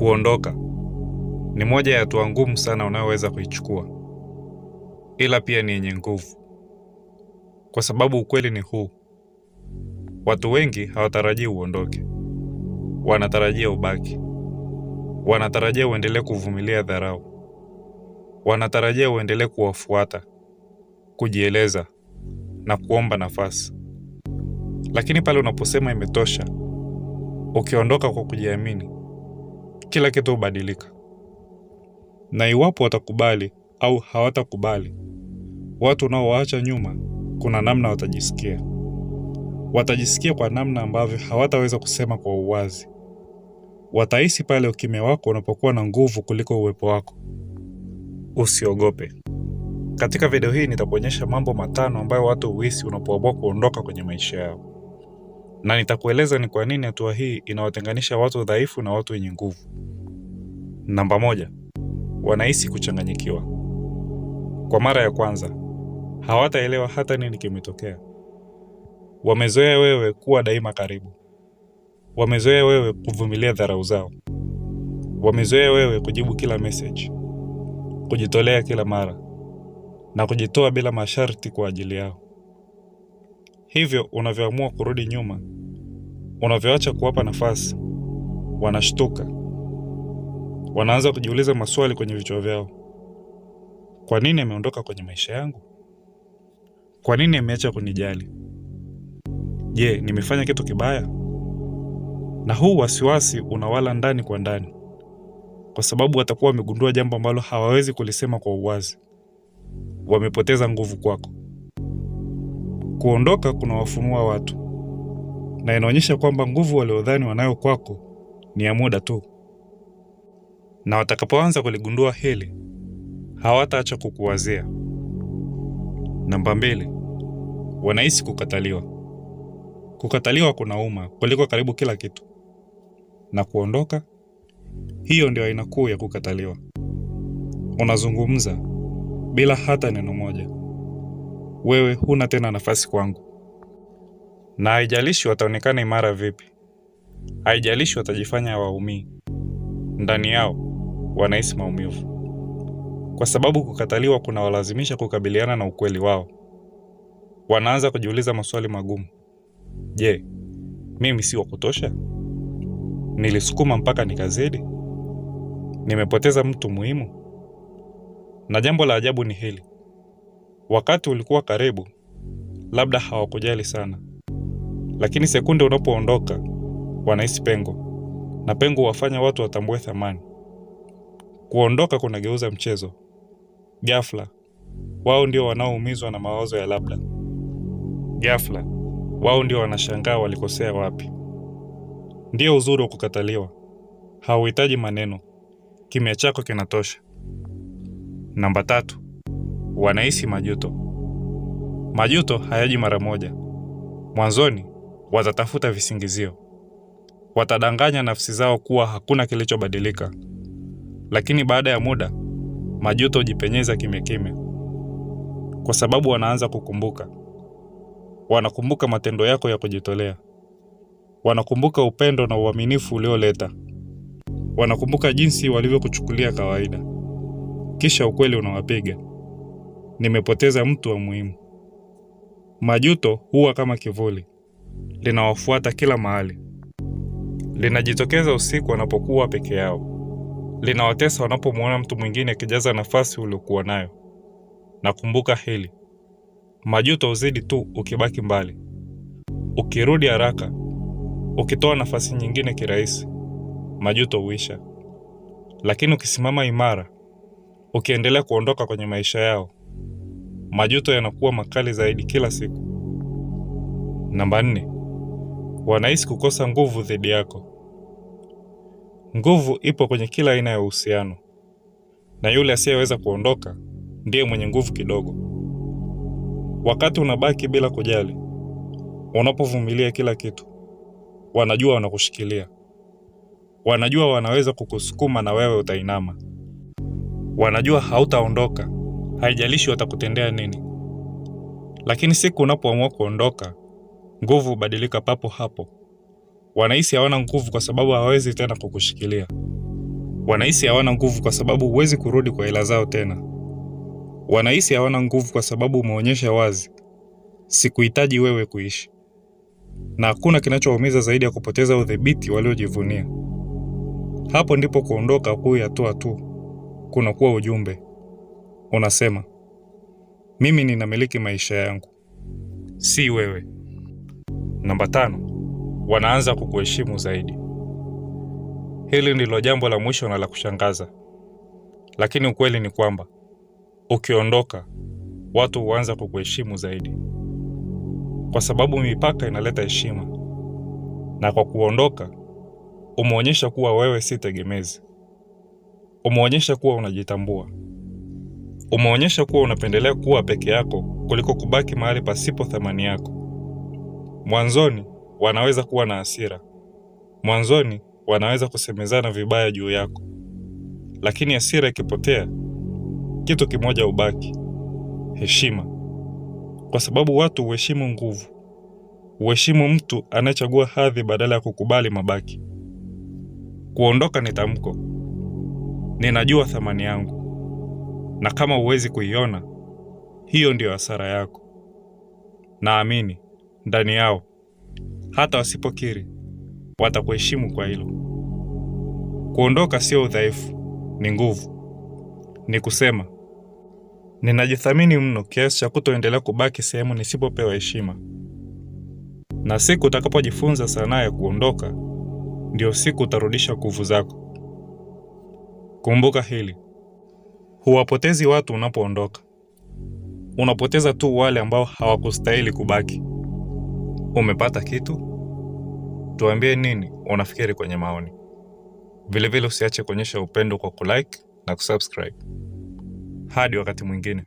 kuondoka ni moja ya hatua ngumu sana unayoweza kuichukua, ila pia ni yenye nguvu, kwa sababu ukweli ni huu: watu wengi hawatarajii uondoke, wanatarajia ubaki, wanatarajia uendelee kuvumilia dharau, wanatarajia uendelee kuwafuata, kujieleza na kuomba nafasi. Lakini pale unaposema imetosha, ukiondoka kwa kujiamini kila kitu hubadilika, na iwapo watakubali au hawatakubali, watu unaowaacha nyuma, kuna namna watajisikia. Watajisikia kwa namna ambavyo hawataweza kusema kwa uwazi. Watahisi pale ukimya wako unapokuwa na nguvu kuliko uwepo wako. Usiogope. Katika video hii nitakuonyesha mambo matano ambayo watu huhisi unapoamua kuondoka kwenye maisha yao na nitakueleza ni kwa nini hatua hii inawatenganisha watu dhaifu na watu wenye nguvu. Namba moja, wanahisi kuchanganyikiwa. Kwa mara ya kwanza, hawataelewa hata nini kimetokea. Wamezoea wewe kuwa daima karibu, wamezoea wewe kuvumilia dharau zao, wamezoea wewe kujibu kila message, kujitolea kila mara na kujitoa bila masharti kwa ajili yao. Hivyo unavyoamua kurudi nyuma, unavyoacha kuwapa nafasi, wanashtuka, wanaanza kujiuliza maswali kwenye vichwa vyao. Kwa nini ameondoka kwenye maisha yangu? Kwa nini ameacha kunijali? Je, nimefanya kitu kibaya? Na huu wasiwasi unawala ndani kwa ndani, kwa sababu watakuwa wamegundua jambo ambalo hawawezi kulisema kwa uwazi. Wamepoteza nguvu kwako kuondoka kunawafunua watu, na inaonyesha kwamba nguvu waliodhani wanayo kwako ni ya muda tu, na watakapoanza kuligundua hili hawataacha kukuwazia. Namba mbili, wanahisi kukataliwa. Kukataliwa kunauma kuliko karibu kila kitu, na kuondoka, hiyo ndio aina kuu ya kukataliwa. Unazungumza bila hata neno moja wewe huna tena nafasi kwangu, na haijalishi wataonekana imara vipi, haijalishi watajifanya waumii, ndani yao wanahisi maumivu, kwa sababu kukataliwa kuna walazimisha kukabiliana na ukweli wao. Wanaanza kujiuliza maswali magumu. Je, mimi si wa kutosha? Nilisukuma mpaka nikazidi? Nimepoteza mtu muhimu? Na jambo la ajabu ni hili: Wakati ulikuwa karibu, labda hawakujali sana, lakini sekunde unapoondoka wanahisi pengo, na pengo huwafanya watu watambue thamani. Kuondoka kunageuza mchezo. Ghafla wao ndio wanaoumizwa na mawazo ya labda. Ghafla wao ndio wanashangaa walikosea wapi. Ndio uzuri wa kukataliwa, hauhitaji maneno, kimya chako kinatosha. Namba tatu, wanahisi majuto. Majuto hayaji mara moja. Mwanzoni watatafuta visingizio, watadanganya nafsi zao kuwa hakuna kilichobadilika, lakini baada ya muda majuto hujipenyeza kimya kimya, kwa sababu wanaanza kukumbuka. Wanakumbuka matendo yako ya kujitolea, wanakumbuka upendo na uaminifu ulioleta, wanakumbuka jinsi walivyokuchukulia kawaida. Kisha ukweli unawapiga nimepoteza mtu wa muhimu. Majuto huwa kama kivuli, linawafuata kila mahali. Linajitokeza usiku wanapokuwa peke yao, linawatesa wanapomwona mtu mwingine akijaza nafasi uliokuwa nayo. Nakumbuka hili, majuto huzidi tu ukibaki mbali, ukirudi haraka, ukitoa nafasi nyingine kirahisi, majuto huisha. Lakini ukisimama imara, ukiendelea kuondoka kwenye maisha yao majoto yanakuwa makali zaidi kila siku. Namba nne, wanahisi kukosa nguvu dhidi yako. Nguvu ipo kwenye kila aina ya uhusiano, na yule asiyeweza kuondoka ndiye mwenye nguvu kidogo. Wakati unabaki bila kujali, unapovumilia kila kitu, wanajua wanakushikilia, wanajua wanaweza kukusukuma na wewe utainama, wanajua hautaondoka haijalishi watakutendea nini. Lakini siku unapoamua kuondoka, nguvu hubadilika papo hapo. Wanahisi hawana nguvu kwa sababu hawawezi tena kukushikilia. Wanahisi hawana nguvu kwa sababu huwezi kurudi kwa hela zao tena. Wanahisi hawana nguvu kwa sababu umeonyesha wazi, sikuhitaji wewe kuishi. Na hakuna kinachoumiza zaidi ya kupoteza udhibiti waliojivunia. Hapo ndipo kuondoka kuu ya hatua tu kunakuwa ujumbe. Unasema mimi ninamiliki maisha yangu, si wewe. Namba tano, wanaanza kukuheshimu zaidi. Hili ndilo jambo la mwisho na la kushangaza, lakini ukweli ni kwamba ukiondoka, watu huanza kukuheshimu zaidi, kwa sababu mipaka inaleta heshima, na kwa kuondoka umeonyesha kuwa wewe si tegemezi, umeonyesha kuwa unajitambua umeonyesha kuwa unapendelea kuwa peke yako kuliko kubaki mahali pasipo thamani yako. Mwanzoni wanaweza kuwa na hasira, mwanzoni wanaweza kusemezana vibaya juu yako, lakini hasira ikipotea, kitu kimoja hubaki: heshima, kwa sababu watu huheshimu nguvu, huheshimu mtu anayechagua hadhi badala ya kukubali mabaki. Kuondoka ni tamko, ninajua thamani yangu na kama huwezi kuiona, hiyo ndiyo hasara yako. Naamini ndani yao hata wasipokiri watakuheshimu kwa hilo. Kuondoka sio udhaifu, ni nguvu. Ni kusema ninajithamini mno kiasi cha kutoendelea kubaki sehemu nisipopewa heshima, na siku utakapojifunza sanaa ya kuondoka, ndio siku utarudisha nguvu zako. Kumbuka hili. Huwapotezi watu unapoondoka, unapoteza tu wale ambao hawakustahili kubaki. Umepata kitu? Tuambie nini unafikiri kwenye maoni. Vilevile usiache kuonyesha upendo kwa kulike na kusubscribe. Hadi wakati mwingine.